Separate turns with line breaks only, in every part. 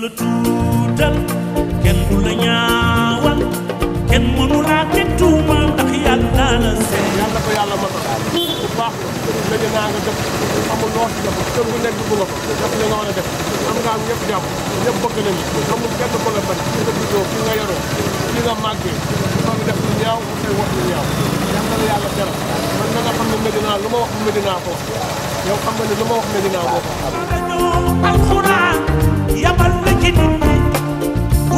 la tuutal kenn du la ñaawal kenn mënu laa teg tuuma ndax yàlla la seet. yàlla ko yàlla matal. bu baax la dëgg naa nga def amul loo ci def kër gu nekk dugg nga ko def li nga war a def am nga am ñëpp jàpp ñëpp bëgg nañu amul kenn ko la bañ fi nga juddoo fi nga yoroo fi nga màggee fa nga def lu ñaaw mu koy wax lu ñaaw yàlla la yàlla teral man na nga xam ne Medina lu ma wax Medina ko yow xam nga ne lu ma wax Medina boo ko xam. alxuraan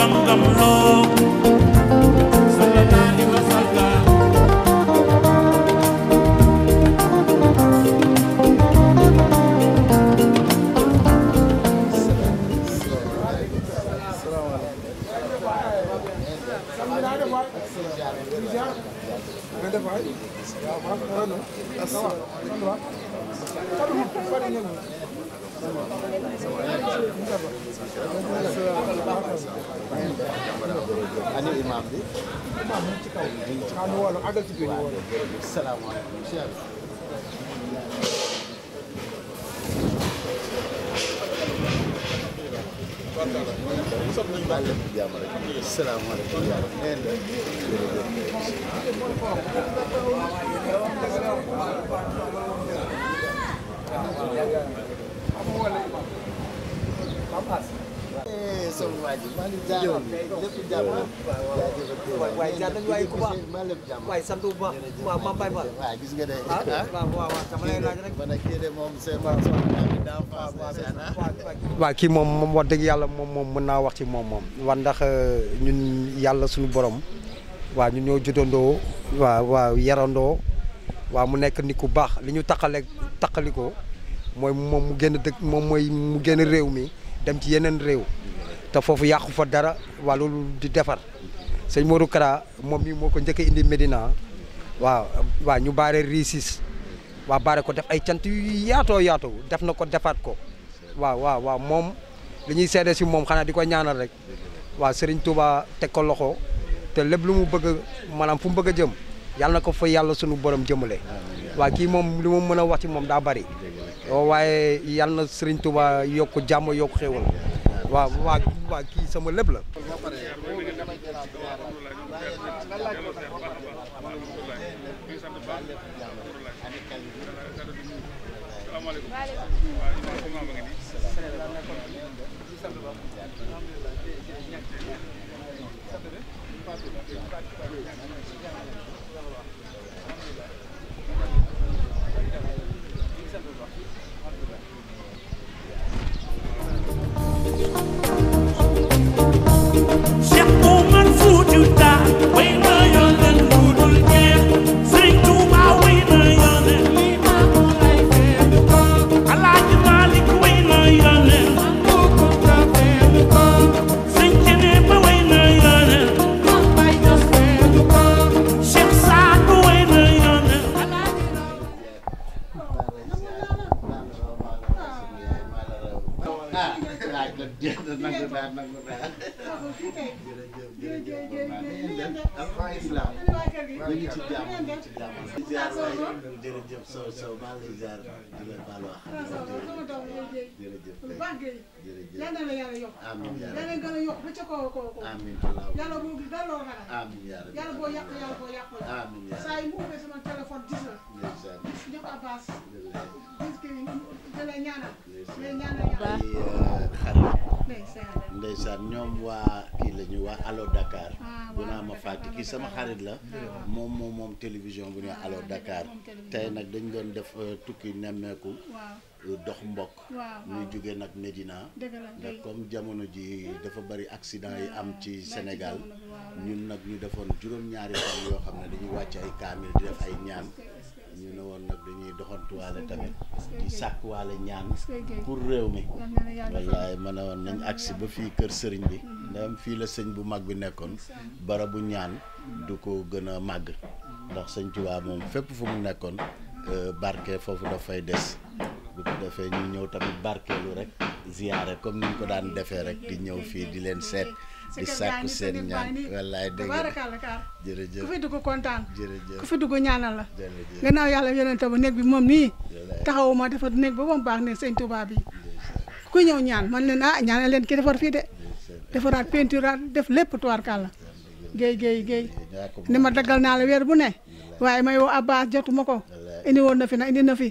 gum gum low.
sama waa ji kii moom seen moom moom dëgg yàlla moom moom mën naa wax ci moom moom war ndax euh, ñun yàlla suñu boroom waaw ñun ñoo jotandoo waaw waaw yarandoo waaw mu nekk nit ku baax li ñu taqale taqaliko mooy moom mu génn dëkk moom mooy mu génn réew mi dem ci yeneen réew te foofu yàqu fa dara waa di defar sëñ Modou Kara moom mii moo ko njëkk indi Médina waa waa ñu bare riisis waa baare ko def ay cant yu yaatoo yaatoo def na ko defaat ko waaw waaw waa moom li ñuy seede si moom xanaa di ko ñaanal rek waa Serigne Touba teg ko loxo te lépp lu mu bëgg maanaam fu mu jëm yàlla na ko fa yàlla sunu borom jëmule waa kii moom li ma mën a wax ci moom daa bari. waaye yal na Serigne Touba yokk jàmm yokk xéwal waaw waa waa kii sama lépp la.
naa nangu naa jërëjëf ci jàmm
ñu ci jàmm di ziar
jërëjëf Sow Sow maa ngi ziar di la baal wax jërëjëf jërëjëf amiin
yàlla amiin yàlla boo yàq yàlla boo yàq amiin saa yi mu ubbee sama téléphone gis la gis ñëpp Abbas gis ki da lay ñaanal lay ñaanal uh,
xarit ndeysaan ñoom waa kii la ñu waa Allo Dakar ah, bu naa ma fàtte kii sama xarit la ah, moom moom moom télévision bu ñu Allo ah, Dakar tey nag dañ doon def euh, tukki nemmeeku euh, dox mbokk ñu jóge nag Médina ndax comme jamono ji dafa bari accident yi am ci senegal ñun nag ñu defoon juróom-ñaari fan yoo xam ne dañuy wàcc ay kaamil di def ay ñaan ñu ne woon nag dañuy doxantuwaale tamit di sàkkuwaale ñaan pour réew mi wallaay ma ne woon nañ agsi ba fii kër sëriñ bi mm-hmm. ndam fii la sëñ bu mag bi nekkoon barabu ñaan mm-hmm. du ko gën a màgg mm-hmm. ndax sëñ Tuubaa moom fépp fu mu nekkoon euh, barke foofu dafay des bu ko defé ñu ñëw tamit barkeelu rek ziaré comme niñ ko daan défé rek di ñëw fi di len sét di sakku sen ñaan wallaay dëgg jërëjëf ku fi
dugg kontaan jërëjëf ku fi dugg ñaanal la gënaaw yalla yonente ba néeg bi ni taxaw ma defar néeg bu moom baax ne seigne Touba bi ku ñëw ñaan man leen ah ñaanal leen ki defar fii de defaraat peinture def lépp tuwaarkàl la gey gey géey ni ma daggal na la wër bu ne waye may wo Abbas jotuma ko indi won na fi na indi na fi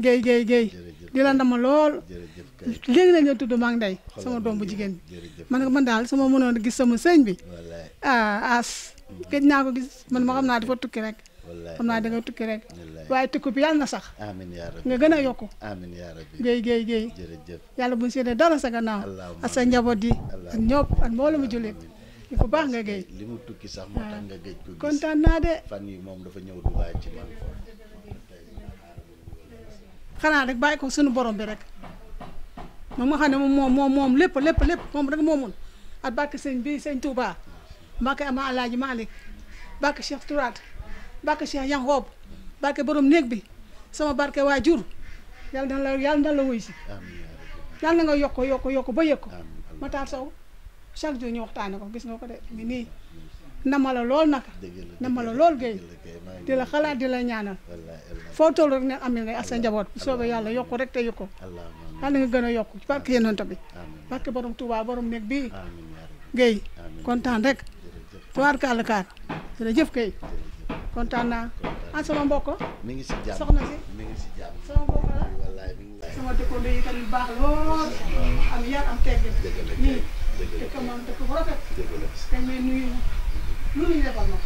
gay gay gay di la ndama lol leg la ñoo tudd maa ngi day sama dombu jigen jigéen bi man man daal sama mënoon gis sama señ bi ah as ke dina ko gis man ma xamna dafa tukki rek xamna da nga tukki rek way tukku bi yalla sax amin ya rabbi nga gëna yokku amin ya rabbi gay gay gay yalla bu ñu dara sa gannaaw ak sa njaboot yi ak ñopp ak mbooloo mu jullit ko baax nga gay
limu tukki sax mo tax nga gej ko gis content na de fan yi mom dafa ñew du ba ci man
xanaa rek bàyyi ko suñu borom bi rek moom nga xam ne moom moom moom lépp lépp lépp moom rek moo mun at bàkk sëñ bi sëñ Touba mbàkke ama Alaaji Malick bàkk Cheikh Tourade bàkk Cheikh Yankob barke borom néeg bi sama barke waajur yàlla na la yàlla na la wuy si yàlla na nga yokko yokk yokk ba yëg ko Matar Sow chaque jour ñu waxtaane ko gis nga ko de nii nama la lool naka nama la lool géy di la xalaat di la ñaanal foo toll rek ne amee ngay ak sa njaboot bu soobee yàlla yokku rek te yokku yàlla nga gën a yokku barke yonent bi barke borom Tuubaa borom néeg bii géy kontaan rek tuwaar kaar jërëjëf kay kontaan naa ah, sama mbokk mi ngi si jàmm soxna si lu ñu defal ma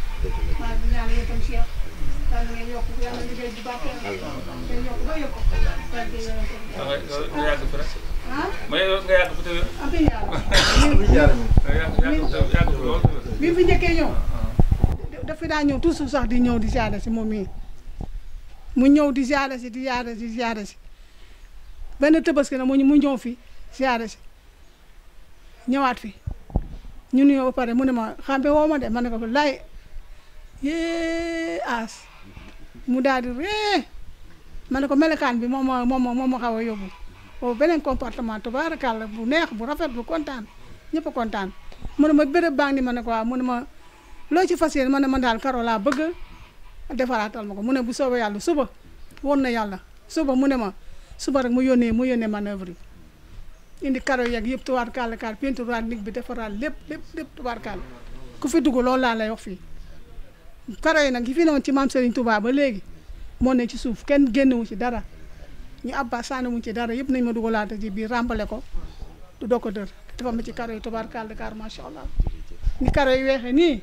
maa ngi ñaan yéen tam Cheikh daal ngeen yokk yàlla liggéey bu baax ngeen yokk ba yokk barke yonent bi nga yàgg fi rek
ma nga yàgg fi te wér amiin yàlla bi fi njëkkee
ñëw daf fi daa ñëw toujours sax di ñëw di ziare si moom mii mu ñëw di ziare si di ziare si ziare si benn tabaski na mu ñëw fi ziare si ñëwaat fi ñu nuyoo ba pare mu ne ma xambe woo ma de ma ka ko lay ye as mu daal di ree ko melekaan bi moom moo moom moo ma xaw a yóbbu boobu beneen comportement tubaarakàlla bu neex bu rafet bu kontan ñëpp kontaan mu ne ma béréb baa ngi ma ne ko waaw mu ne ma loo ci fas yéene ma ne ma daal karo laa bëgg defaraatal ma mu ne bu suba na suba mu ne ma suba rek mu yone mu yone manœuvre indi karo yeeg yëpp kala kaal peinturaat nit bi defaraat lépp lépp lépp tubaarkaal ku fi dugg loolu laa lay wax fii karo yi nag yi fi newoon ci maam Serigne Touba ba léegi moo ne ci suuf kenn génnewu ci dara ñu abba sànniwu ci dara yëpp nañ ma dugalaate ci biir ràmbale ko du doko ko dër dafa ma ci karo yi tubaarkaal kala kaar macha allah ni karo yi weexee nii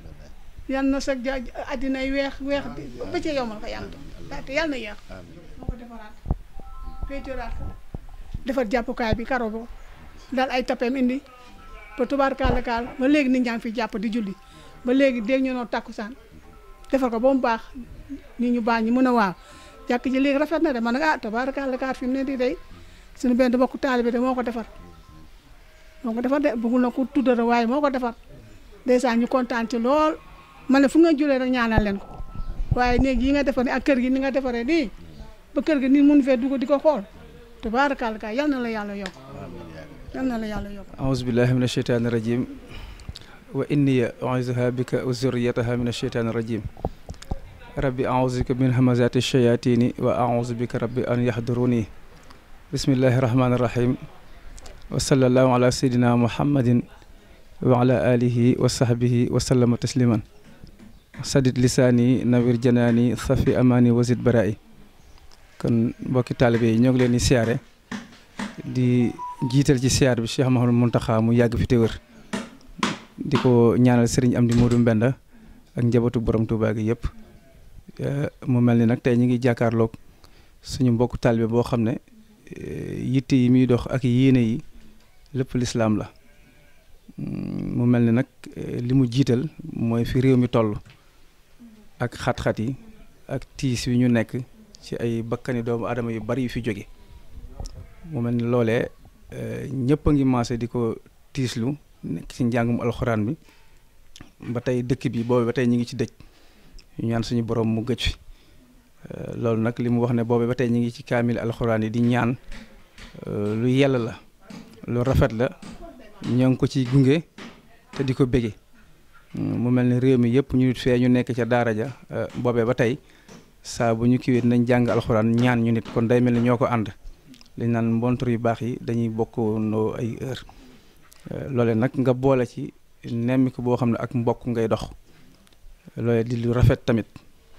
yal na sa ja addina yi ba ci yomal ko yàlla daate yal na yeex defar jàppukaay bi karo bo dal ay tapem indi ba tubaarkaala kal ba léegi nit ñang ngi fi japp di julli ba léegi dégg ñu no takusan defal ko ba mu baax nit ñu bañ ñi waaw jakk ji léegi rafet na de man ah tubaarkaala kal fi mu ne di day suñu benn bokku talibé de moko ko defar moo defar de bëggul na ko tuddara waaye moo ko defar ñu contante lool mané fu nga julee rek ñaanal leen ko waye néeg yi nga defar ak kër gi ni nga defaré ni ba kër gi nit mun fee duggu di xol xool tubaarkaala kaal na la yal na la yàlla yokk
aouzu billahi min asheytaani rajim wa inni u'izuha bika wa zurriyataha min asheytaani rajim rabbi aouzu bika min hamazati shayatini wa aouzu bika rabbi an yahduruni bismillahi rahmaani rahim wa sallallahu ala sayyidina muhammadin wa ala alihi wa sahbihi wa sallama tasliman sadit lisaani nawir janaani safi amaani wasit baraay kon mbokki taalibe yi ñoo ngi leen di siyaare di Jital ci siar bi Cheikh Mahamadou Mountakha mu yag fi Diko nyanal di ko ñaanal Serigne Amdi Modou Mbenda ak njabootu borom Touba gi yep eh, mu mel ni nag tey ñu ngi jakarlo suñu mbokk taalibe bo xam ne eh, yitte yi mi dox ak yéene yi lepp l'islam la mm, mu mel ni limu eh, li mu fi réew mi toll ak khat khat yi ak tiss wi ñu nekk ci ay bakkani doomu adama yu bari fi jóge mu mel ni ñëpp a ngi diko tislu ko tiislu ci jangum alcorane bi ba tay dëkk bi boobu ba tay ñi ngi ci dëj ñaan suñu borom mu gëcc fi euh, lool nak limu wax ne boobu ba tay ñi ngi ci kamil alcorane di ñaan euh, lu yalla la lu rafet la ñoo ko ci gunge te diko ko hmm, mu melni réew mi yépp ñu nit fee ñu nekk ci daara ja euh, boobee ba tay sa bu ñu nañ jang alcorane ñaan ñu nit kon day melni ñoko and li naan montre yu baax yi dañuy bokkandoo ay heure euh, loole nag nga boole ci nemmiku boo xam ne ak mbokk ngay dox loole di lu rafet tamit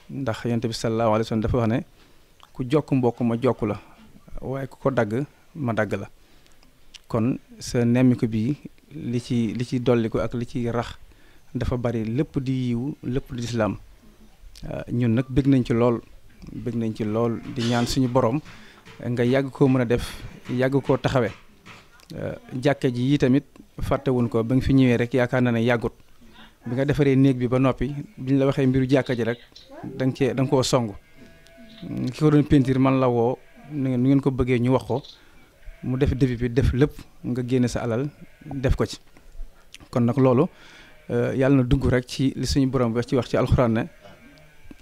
ndax yonent bi sallallahu alayhi wa sallam dafa wax ne ku jokk mbokk ma jokk la waaye ku ko dagg ma dagg la kon sa nemmiku bii li ci li ci dolli ak li ci rax dafa bari lépp di yiw lépp di lislaam euh, ñun nag bëgg nañ ci lool bëgg nañ ci lool di ñaan suñu boroom nga yàgg koo mën a def yàgg koo taxawe eh, jàkka ji yi tamit fàttewuñ ko ba nga fi ñëwee rek yaakaar na ne yàggut bi nga defaree néeg bi ba noppi bi ñu la waxee mbiru jàkka ji rek da nga cee da nga song mm, ki ko doon peinture man la woo nu ngeen nu ngeen ko bëggee ñu wax ko mu def début bi def lépp nga génne sa alal def ko ci. kon nag loolu eh, yàlla na dugg rek ci li suñu borom wax ci wax ci alxuraan ne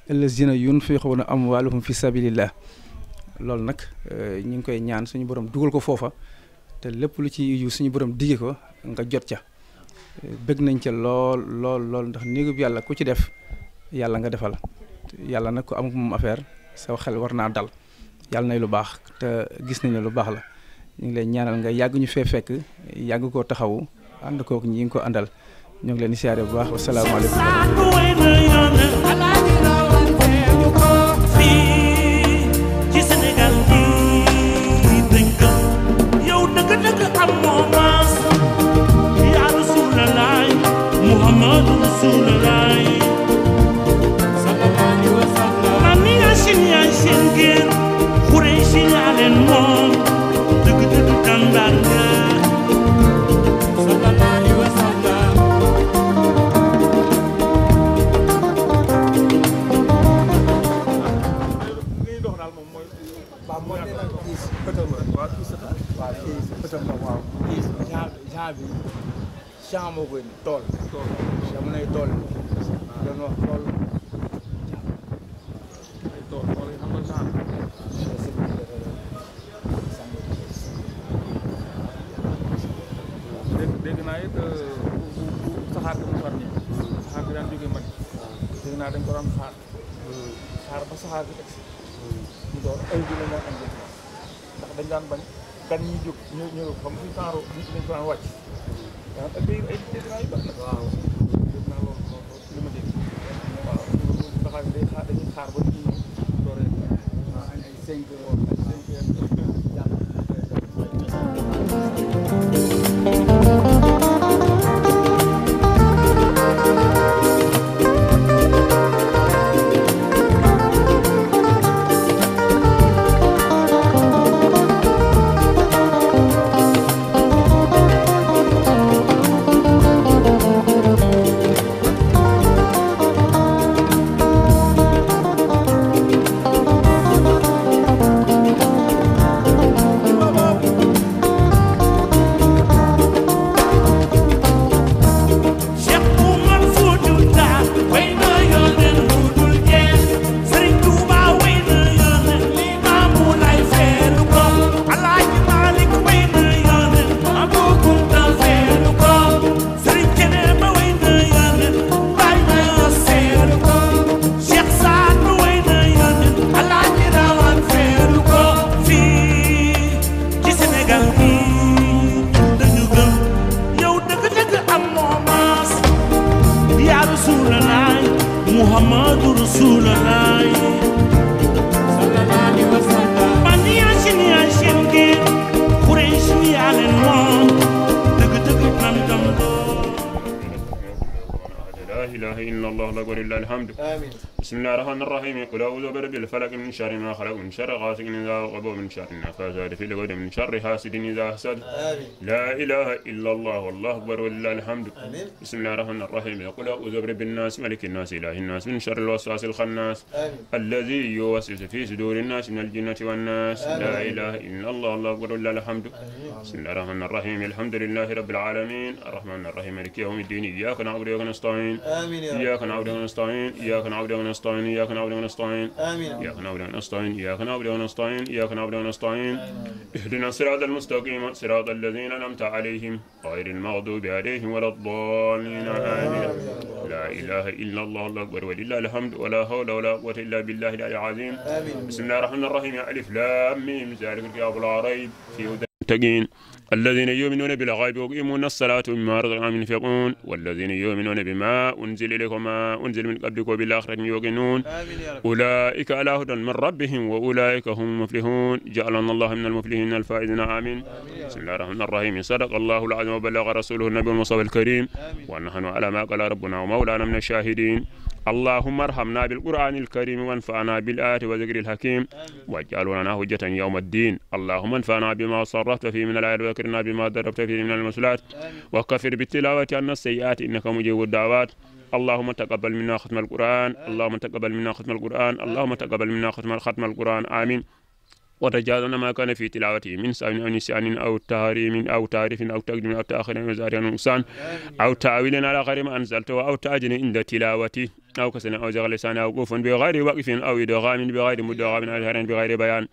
allazina yunfiquna amwaalahum fi sabilillah loolu nag euh, ñu ngi koy ñaan suñu borom dugal ko foofa te lépp lu ci yu suñu borom digge ko nga jot ca euh, bëgg nañ ca lool lool lool ndax néegub yàlla ku ci def yàlla nga defal yàlla nag ko am moom affaire sa xel war naa dal yàlla nay lu baax te gis nañ lu baax la ñu ngi leen ñaanal nga yàgg ñu fee fekk yàgg koo taxawu ànd kook ñi ngi ko àndal ñoo ngi leen di siyaare bu baax wasalaamaaleykum waaw kii genre genre bi champs moo koy tool. ay tol. doon wax tol.
ay tol, tool yi xam sax dégg dégg naa it ko
far nii saxaar bi daan mag dégg naa dañ ko daan xaar xaar ba saxaar bi ñu ay am ndax dañ bañ ñu xam
محمد رسول الله صلى الله عليه وسلم بني عشان يا شنقي قريشني على الوان دق دق دم دم
لا اله الا الله لا قول الا الحمد امين بسم الله الرحمن الرحيم قل أعوذ برب الفلق من شر ما خلق من شر غاسق إذا وقب من شر النفاثات في الغد من شر حاسد إذا حسد لا إله إلا الله والله أكبر ولله الحمد بسم الله الرحمن الرحيم قل أعوذ برب الناس ملك الناس إله الناس من شر الوسواس الخناس الذي يوسوس في صدور الناس من الجنة والناس لا إله إلا الله والله أكبر ولله الحمد بسم الله الرحمن الرحيم الحمد لله رب العالمين الرحمن الرحيم مالك يوم الدين إياك نعبد وإياك نستعين إياك نعبد واياك نستعين إياك نعبد واياك نستعين ونستعين إياك نعبد ونستعين آمين إياك نعبد ونستعين إياك نعبد ونستعين إياك نعبد ونستعين اهدنا الصراط المستقيم صراط الذين أنعمت عليهم غير المغضوب عليهم ولا الضالين آمين لا إله إلا الله الله أكبر ولله الحمد ولا حول ولا قوة إلا بالله العلي العظيم آمين بسم الله الرحمن الرحيم ألف لام ميم ذلك الكتاب لا ريب في هدى المتقين الذين يؤمنون بالغيب ويقيمون الصلاة ومما رزقناهم ينفقون والذين يؤمنون بما أنزل إليك وما أنزل من قبلك وبالآخرة يوقنون أولئك على هدى من ربهم وأولئك هم المفلحون جعلنا الله من المفلحين الفائزين آمين بسم الله الرحمن الرحيم صدق الله العظيم وبلغ رسوله النبي المصطفى الكريم ونحن على ما قال ربنا ومولانا من الشاهدين اللهم ارحمنا بالقرآن الكريم وانفعنا بالآية وذكر الحكيم واجعل لنا حجة يوم الدين اللهم انفعنا بما صرفت فيه من الايه وذكرنا بما دربت فيه من المسلات وكفر بالتلاوة عن السيئات إنك مجيب الدعوات اللهم تقبل منا ختم القرآن اللهم تقبل منا ختم القرآن اللهم تقبل منا ختم ختم القرآن آمين وتجاوزنا ما كان في تلاوته من سعي أو نسيان أو تهريم أو تعريف أو تقديم أو تاخر أو زاري أو نقصان أو تعويل على غير ما أنزلته أو تأجل عند تلاوته أو كسل أو جغل لسانا أو كوف بغير وقف أو إدغام بغير مدغام أو جهر بغير بيان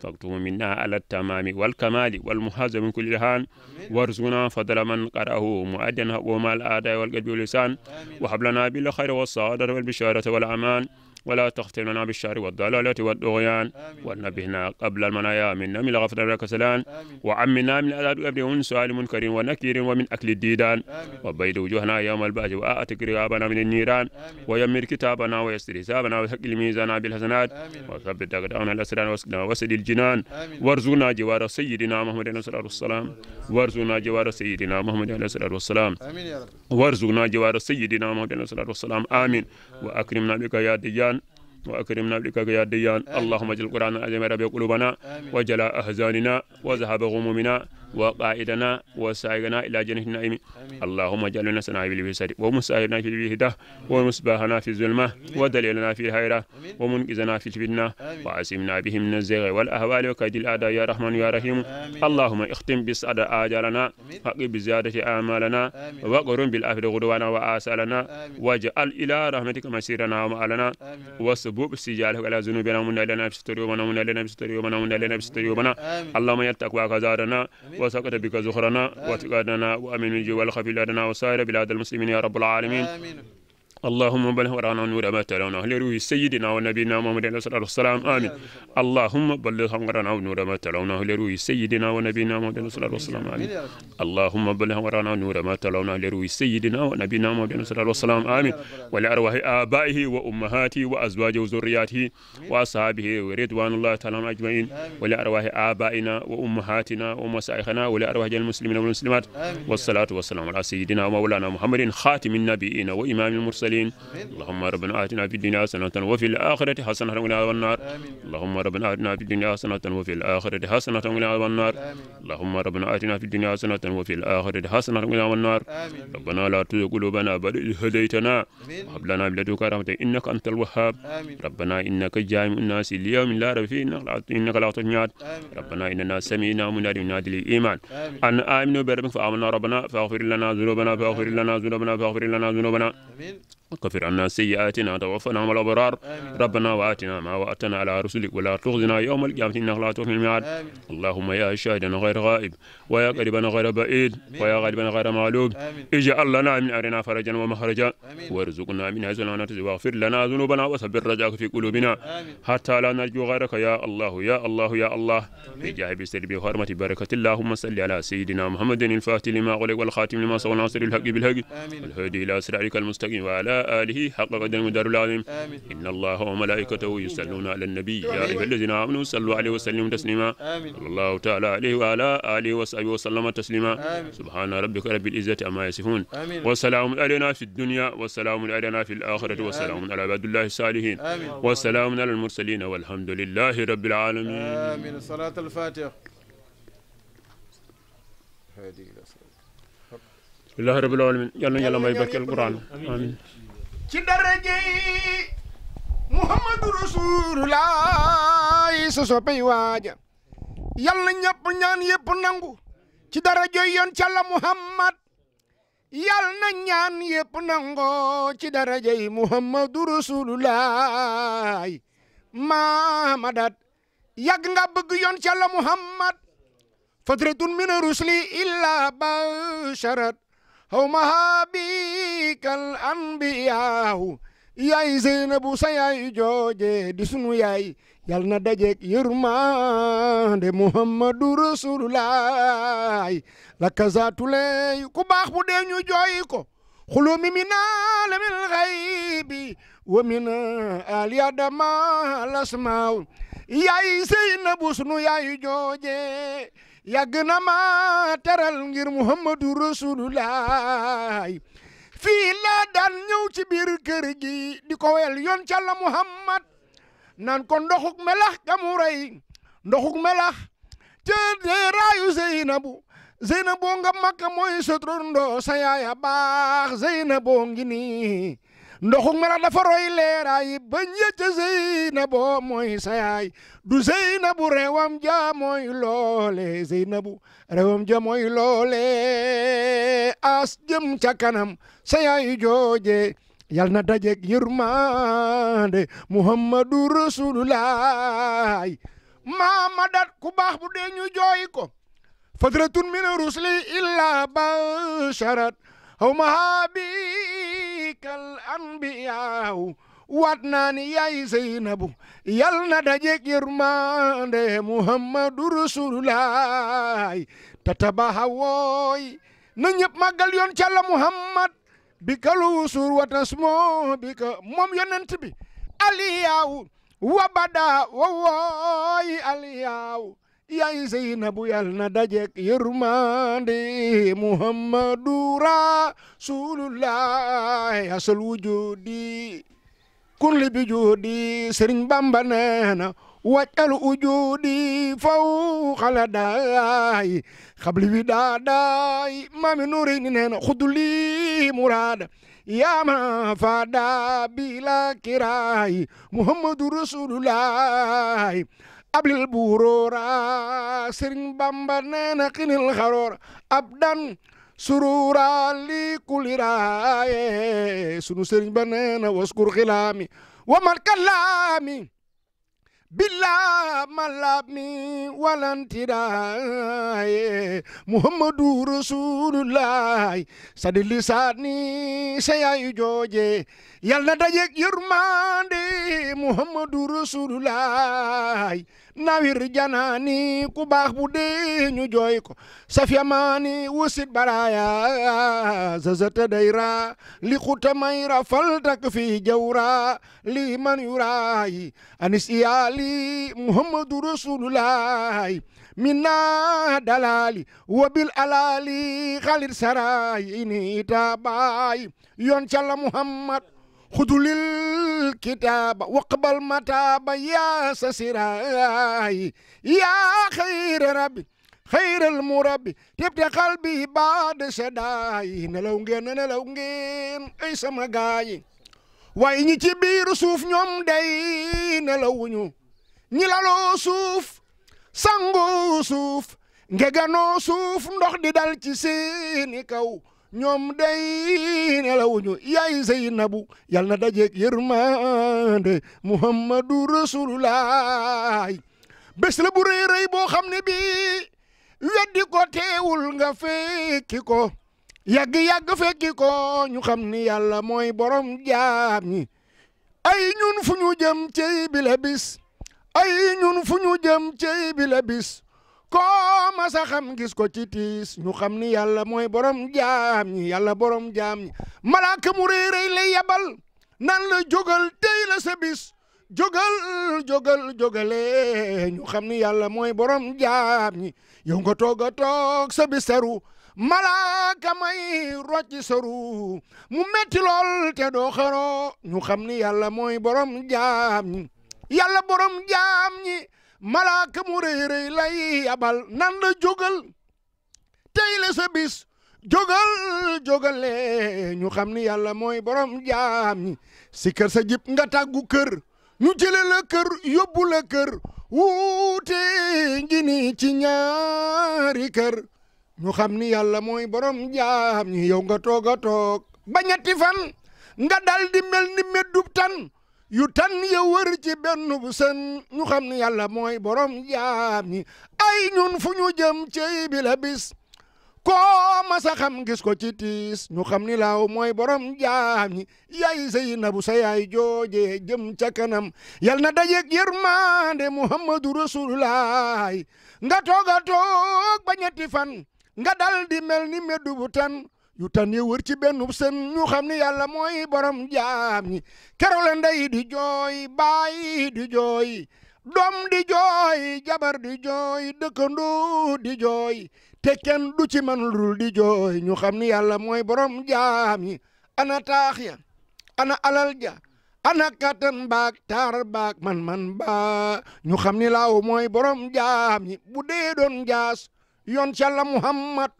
فاكتبوا منا على التمام والكمال والمحاز من كل جهان وارزقنا فضل من قرأه مؤدنا وما الأداء والقلب واللسان وحبلنا بالخير والصادر والبشارة والأمان ولا تختمنا بالشر والضلالة والطغيان ونبهنا قبل المنايا منا من غفر لك سلام وعمنا من أذى أبن سؤال منكر ونكير ومن أكل الديدان وبيد وجوهنا يوم البعث وآتك رغابنا من النيران ويمر كتابنا ويسر حسابنا وحق الميزان بالحسنات وثبت أقدامنا الأسران وسقنا وسد الجنان وارزونا جوار سيدنا محمد عليه الصلاة والسلام وارزقنا جوار سيدنا محمد عليه الصلاة والسلام وارزقنا جوار سيدنا محمد عليه الصلاة والسلام آمين وأكرمنا بك يا ديان وأكرمنا بلقاك يا ديان اللهم اجعل القرآن العظيم ربي قلوبنا وجلاء أحزاننا وذهب غمومنا وقائدنا وسائرنا إلى جنة النعيم اللهم اجعلنا سنعيب في سعد في الهدى ومصباحنا في الظلمة ودليلنا في الحيرة ومنقذنا في الفتنة وعصمنا به من الزيغ والأهوال وكيد الأعداء يا رحمن يا رحيم اللهم اختم بسعد آجالنا حق بزيادة أعمالنا وقرن بالآفر غدوانا وآسالنا واجعل إلى رحمتك مسيرنا ومعلنا وسبوب سجالك على ذنوبنا ومن لنا بستر يومنا ومن لنا بستر يومنا ومن لنا بستر يومنا اللهم يتقوى كزارنا وسقط بك زخرنا وتقادنا وأمن من جوال خفي بلادنا وسائر بلاد المسلمين يا رب العالمين آمين. اللهم بلغ ورانا نور ما ترانا لروي سيدنا ونبينا محمد صلى الله عليه وسلم امين اللهم بلغ ورانا نور ما ترانا لروي سيدنا ونبينا محمد صلى الله عليه وسلم امين اللهم بلغ ورانا نور ما ترانا لروي سيدنا ونبينا محمد صلى الله عليه وسلم امين ولارواح ابائه وامهاته وازواجه وذرياته واصحابه ورضوان الله تعالى اجمعين ولارواح ابائنا وامهاتنا ومسائخنا ولارواح المسلمين والمسلمات والصلاه والسلام على سيدنا ومولانا محمد خاتم النبيين وامام المرسلين المرسلين اللهم ربنا آتنا في الدنيا حسنة وفي الآخرة حسنة وقنا عذاب النار اللهم ربنا آتنا في الدنيا حسنة وفي الآخرة حسنة وقنا عذاب النار اللهم ربنا آتنا في الدنيا حسنة وفي الآخرة حسنة وقنا عذاب النار ربنا لا تزغ قلوبنا بعد إذ هديتنا وهب لنا من لدنك رحمة إنك أنت الوهاب ربنا إنك جامع الناس ليوم لا ريب فيه إنك لا تضيع ربنا إننا سمعنا منادي ينادي للإيمان أن آمنوا بربك فآمنا ربنا فاغفر لنا ذنوبنا فاغفر لنا ذنوبنا فاغفر لنا ذنوبنا وكفر عنا سيئاتنا توفنا مع الأبرار ربنا وآتنا ما وأتنا على رسلك ولا تخزنا يوم القيامة إنك لا تخزي الميعاد اللهم يا شاهدنا غير غائب ويا قريبنا غير بعيد ويا غالبنا غير مغلوب اجعل لنا من أرنا فرجا ومخرجا وارزقنا من حيث لا نحتسب واغفر لنا ذنوبنا وثبت رجاك في قلوبنا حتى لا نرجو غيرك يا الله يا الله يا الله بجاه بسر بحرمة بركة اللهم صل على سيدنا محمد الفاتح لما غلق والخاتم لما سوى ناصر الحق بالحق الهدي إلى صراطك المستقيم وعلى آله حق قدر المدار العظيم إن الله وملائكته يصلون على النبي يا أيها الذين آمنوا صلوا عليه وسلموا تسليما صلى الله تعالى عليه وعلى آله وصحبه وسلم تسليما سبحان ربك رب العزة أما يصفون وسلام علينا في الدنيا وسلام علينا في الآخرة وسلام على عباد الله الصالحين وسلام على المرسلين والحمد لله رب العالمين
آمين صلاة الفاتحة هذه
الله رب العالمين يلا يلا ما يبكي القرآن آمين
ci darajey muhammadu rasulullah so pay Yang yalla ñepp ñaan yëpp nangu ci darajey yon ci allah muhammad Yang ñaan pun nango ci darajey muhammadu rasulullah maamadat yag nga bëgg yon ci allah muhammad fadratun min rusli illa basharat hawmaha bi kal anbiyaahu yaay Zeynabu sa yaay jooje di sunu yaay yal na dajeek yërmande Muhammadu Rasulullaay lakazatuley ku baax bu dee ñu jooy ko xulumi min alamil xaybi wa min ali adama lasmaaw yaay Zeynabu sunu yaay jooje yàgg na ma teral ngir muhammadu rasulullah fii laa daan ñëw ci biir kër gi di ko wel yoon ca muhammad nan ko ndoxuk melax kamu rey ndoxuk melax ca deeraayu zeynabu zeynaboo nga makka mooy sotrondo sa yaaya baax zeynaboo ngi nii ndoxu mala dafa roy leeraay bañ yëcc Zeynabu mooy sayaay du Zeynabu rewam ja mooy loole Zeynabu rewam ja mooy loole as jëm ca kanam sayaay jooje yal na dajeg yërmande Muhammadu Rasulullah maama dat ku baax bu dee ñu jooy ko fadratun rusli illa basharat aw mahabi anbiyaaw waat naa ni Zeynabu yal na dajeeg yërmande Muhammadu Rasulullaay tatabaha wooy na ñëpp màggal yoon ci Muhammad bi ka lu suur bi ka moom yonent bi aliyaaw wa bada wa wooy aliyaaw yaay Zeynabu yal na dajeek yërmande Muhammadu Rasulullah asal wujudi kulli bi judi Sëriñ Bamba nee na waccal ujudi faw xala daay xabli wi daa daay mami nuri ni nee na xuduli murada fada bila kiraay Muhammadu Rasulullah ablil buuróora sëriñ bamba nee na xinil ab dan suruura lii kuliraaye sunu sëriñ ba nee waskur xilaami wamal kalaami bila malami walantiraye muhammadu rasulullahi sadi lisani seyayu jooje yal na dajeg yërmande muhammadu rasulullahi nawir janaani ku baax bu dee ñu jooy ko safyamaani wusit baraaya zazata dayra li xuta mayra faltak fi jawra li man yuraayi anis iyaali muhammadu rasulullahi minna dalali wabil alali xalit sarayi ini tabaayi yoon calla muhammad xudulil kitaaba waqbal mataaba yaa sa siraay yaa xayra rabbi xayral murabbi tibte xalbi baad sedaayi nelaw ngeen nelaw ngeen ay sama gaayi waaye ñi ci biir suuf ñoom day nelawuñu ñi laloo suuf sangoo suuf ngeganoo suuf ndox di dal ci seeni kaw ñoom day nelawuñu yaay Zeynabu yal na dajeeg yërmande Muhammadu Rasulullah bés la bu rëy rëy boo xam ne bii weddi ko teewul nga fekki ko yàgg yàgg fekki ko ñu xam ni yàlla mooy borom jaam ñi ay ñun fu ñu jëm cey bi la bis ay ñun fu ñu jëm cey bi bis koo ma sa xam gis ko ci tiis ñu xam ni yàlla mooy borom jaam ñi yàlla borom jaam ñi malaaka mu rëy rëy lay yabal nan la jogal tey la sa bis jógal jógal ñu xam ni yàlla mooy borom jaam ñi yow nga toog a toog sa bis may rocci saru mu metti lool te doo ñu xam ni yàlla mooy borom jaam ñi yàlla borom jaam ñi malaaka mu lay abal nan la jógal tey la sa bis jógal jógale ñu xam ni yàlla mooy borom jaam ñi si kër sa jib nga tàggu kër ñu jële la kër yóbbu la kër wuute ngi ni ci ñaari kër ñu xam ni yàlla mooy borom jaam ñi yow nga toog a ba ñetti fan nga dal di mel ni meddub tan yu tan ya wër ci benn bu sën ñu xam ne yàlla mooy borom jaam ñi ay ñun fu ñu jëm cey bi bis koo masa xam gis ko ci tiis ñu xam ni laaw mooy borom jaam ñi yaay Seynabu sa yaay jooje jëm ca kanam yal na dajeeg yërmande Muhammadu Rasulullah nga toog a toog ba ñetti fan nga dal di mel ni meddu bu tan yu tan yi wër ci benn sën ñu xam ni yàlla mooy borom jaam ñi keroog la di jooy baay di jooy doom di jooy jabar di jooy dëkkandoo di jooy te kenn du ci man lul di jooy ñu xam ni yàlla mooy borom jaam ñi ana taax ya ana alal ja ana kàttan baak taar baak man-man ba ñu xam ni laaw mooy borom jaam ñi bu dee doon jaas yoon ci muhammad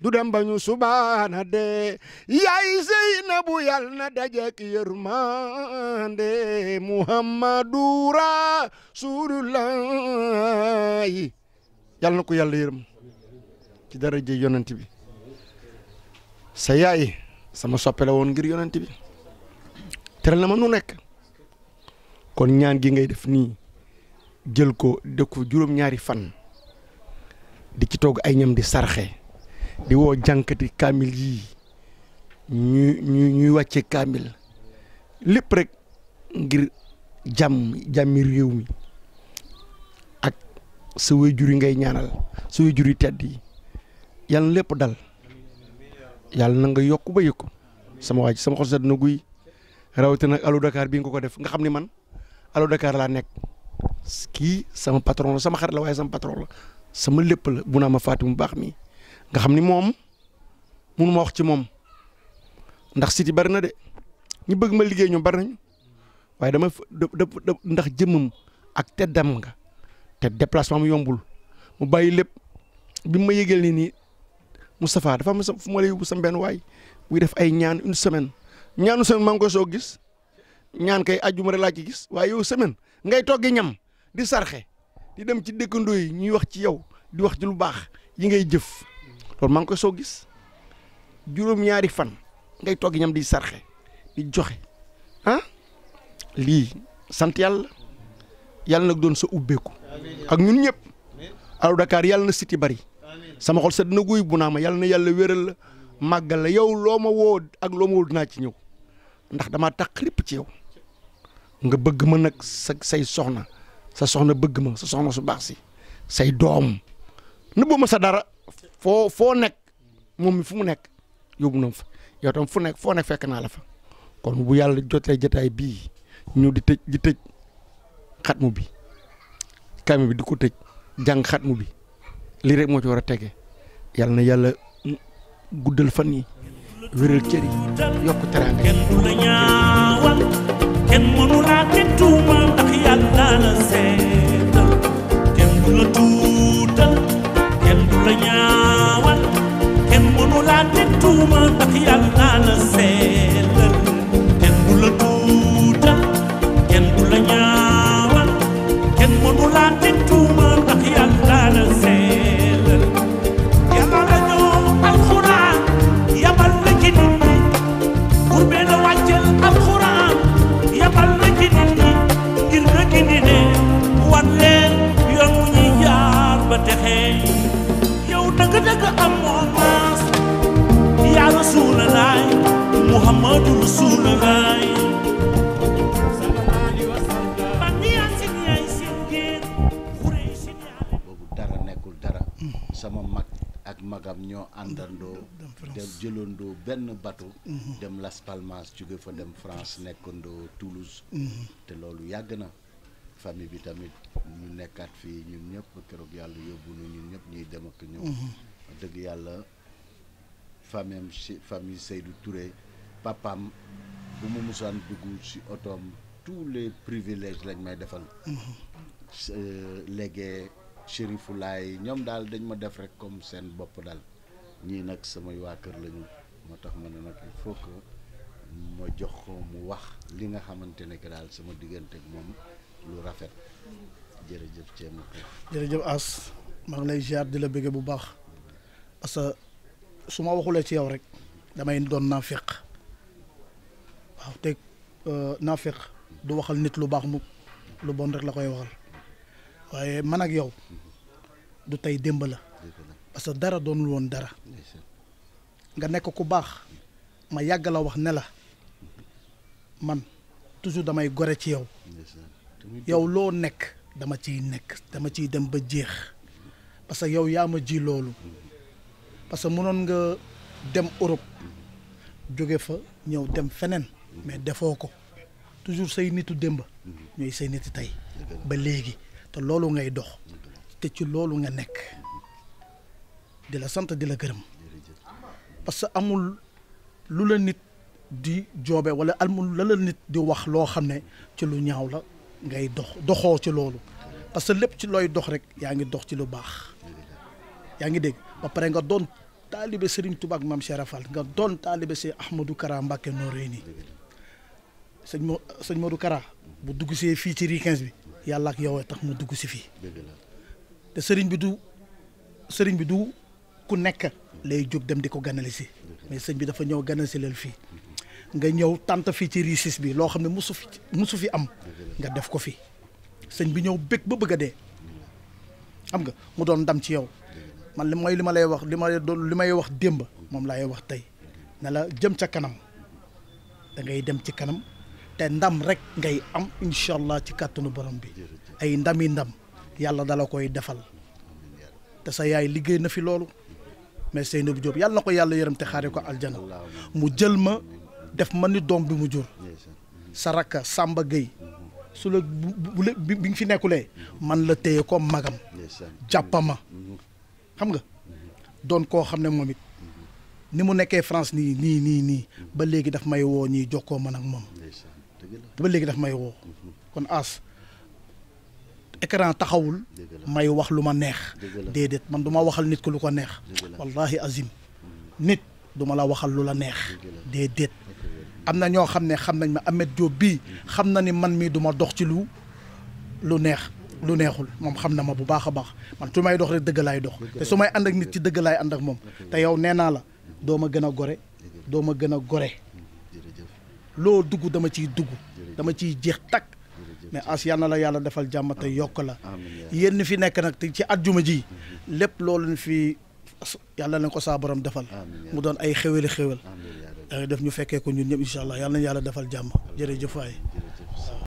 du dem ba ñu de yaay Seynabu yal na Muhammadura yërmande Muhammadu Rasulullahi yal na ko yalla yërëm
ci je yonenti bi sa yaay sama soppe won ngir yonenti bi terel na ma nu kon ñaan gi ngay def ni jël ko juroom ñaari fan di ci togg ay ñam di sarxé di woo jànkati kamil yi ñu ñu ñuy wàcce kaamil rek ngir jam jàmmi rew mi ak su waajur ngay ñaanal su waajur yi tedd yi dal yalla nga yokku ba yokku sama waji sama xol na guuy rawti nak alu Dakar bi nga ko def nga xamni man alu Dakar la nek kii sama patron sama xarit la way sama patron sama lepp la bu ma fatimu bax mi nga xamni ni munu ma wax ci mom ndax city bari na de ñu bëgg ma liggéey ñu bari waye dama ndax jëmum ak teddam nga te déplacement mu yombul mu bayyi lepp bi ma yëgal ni ni Moustapha dafa ma fu ma lay yóbbu sam ben way wi def ay ñaan une semaine ñaanu semaine mang ngi koy soo gis ñaan kay àjjuma rek laa ci gis waye yow semaine ngay toggi ñam di sarxé di dem ci dekk ndoy ñuy wax ci yow di wax ci lu bax yi ngay jëf loolu mang ngi koy soo gis juróom-ñaari fan ngay tok ñam di sarxé di joxé ah li, santial, yalla yalla nak doon sa ko ak ñun ñep alu Dakar yalla na city bari sama xol sedd na bu naama ma na yalla wéral magal la yow loma ma ak loma ma woo ci ñew ndax dama taq ci yow nga bëgg ma nak say soxna sa soxna bëgg ma sa soxna su bax si say doom nëbbuma sa dara fo fo nek mom mi fu mu nek yobu na fa yow tam fu nek fo nek fek na la fa kon bu yalla jotee jotay bi ñu di tej di tëj xatmu bi kame bi di ko tëj jàng xatmu bi li rek mo ci wara tege yalla na yalla guddal fan yi wëral cër yi
yokk teraanga kenn du la ñaawal ken mënu na teg tuuma ndax yalla la seetal ken du la tuuma la kenn mënu laa te tuuma ndax yàlla la seet
France jóge fa dem France nekkandoo Toulouse. Mhm. te loolu yàgg na famille bi tamit ñu nekkaat fii ñun ñëpp keroog yàlla yóbbu na ñun ñëpp ñuy dem ak ñëw. Mhm. dëgg yàlla famille si famille Seydou Touré papaam bu mu musaan dugg si otoom tous les privilèges lañ may defal. Mhm. Euh, léegi Chérifou Laay ñoom daal dañ ma def rek comme seen bopp daal ñii nag samay waa kër lañu moo tax ma nag il faut ma jox ko mu wax li nga xamante ne que daal sama diggante ak moom lu rafet jërëjëf Thierno
jërëjëf As maa ngi lay ziar di la bëggee bu baax parce que su ma waxulee ci yow rek damay doon naafeq waaw te euh, naafeq du waxal nit lu baax mu lu bon rek la koy waxal waaye man ak yow du tey démb la parce que dara doonul woon dara nga nekk ku baax ma yàgg la wax ne la. man toujours damay gore ci yow yow loo nekk dama ciy nekk dama ciy dem ba jeex parce que yow yaa ma ji loolu parce que mënoon nga dem Europe jóge fa ñëw dem feneen mais defoo ko toujours say nitu démb ñooy say nitu tey ba léegi te loolu ngay dox te ci loolu nga nekk di la sant di la gërëm parce que amul lu la nit di joobe wala almun la la nit di wax loo xam ne ci lu ñaaw la ngay dox doxoo ci loolu parce que lépp ci looy dox rek yaa ngi dox ci lu baax yaa ngi dégg ba pare nga doon taalibe Serigne Touba ak maam Cheikh Rafal nga doon taalibe Cheikh Ahmadou Kara Mbacké Noreyni sëñ Mo sëñ Modou Kara bu dugg see fii ci RIKENS bi yàlla ak yow tax mu dugg si fii te sëriñ bi du sëriñ bi du ku nekk lay jóg dem di ko ganale si mais sëñ bi dafa ñëw ganale si leen fii. nga ñëw tànt fii ci réussite bi loo xam ne musu fi musu fi am nga def ko fi sëñ bi ñëw bëgg ba bëgg a dee xam nga mu doon ndam ci yow man li mooy li ma lay wax li ma li may wax démb moom lay wax tey na la jëm ca kanam dangay dem ci kanam te ndam rek ngay am incha ci kàttanu borom bi ay ndam yi ndam yàlla dala koy defal te sa yaay liggéey na fi loolu mais Seynabou Diop yàlla na ko yàlla yërëm te xaare ko aljana mu jël ma def ma ni doom bi mu jur sa rakka Samba Gueye su la bi nga fi nekkulee man la téye comme magam jàppama mhm. xam nga doon koo xam ne moom it mhm. ni mu nekkee France nii nii nii nii ba léegi daf may woo ñii jokkoo man ak moom ba léegi daf may woo mhm. kon as écran taxawul may wax lu ma neex déedéet man du waxal nit ko lu ko neex wallahi azim nit du la waxal lu la neex déedéet amna ño xamne xamnañ ma Ameth Diop bi xamna ni man mi duma dox ci lu lu neex lu neexul mom xamna ma bu baakha bax man tumay dox rek deug lay dox te sumay ànd ak nit ci deug lay ànd ak mom te yow nee la doo ma gën gore doo ma gën gore lo dugg dama ci dugg dama ci jeex tak mais as yalla la yàlla defal jàmm te yok la yenn fi nek nak ci aljuma ji lépp lolou ñu fi yàlla na ko saa borom defal mu doon ay xéwali xéwal da def ñu fekkee ko ñun ñëpp incha allah yal nañu yàlla defal jàmm jërëjëf waay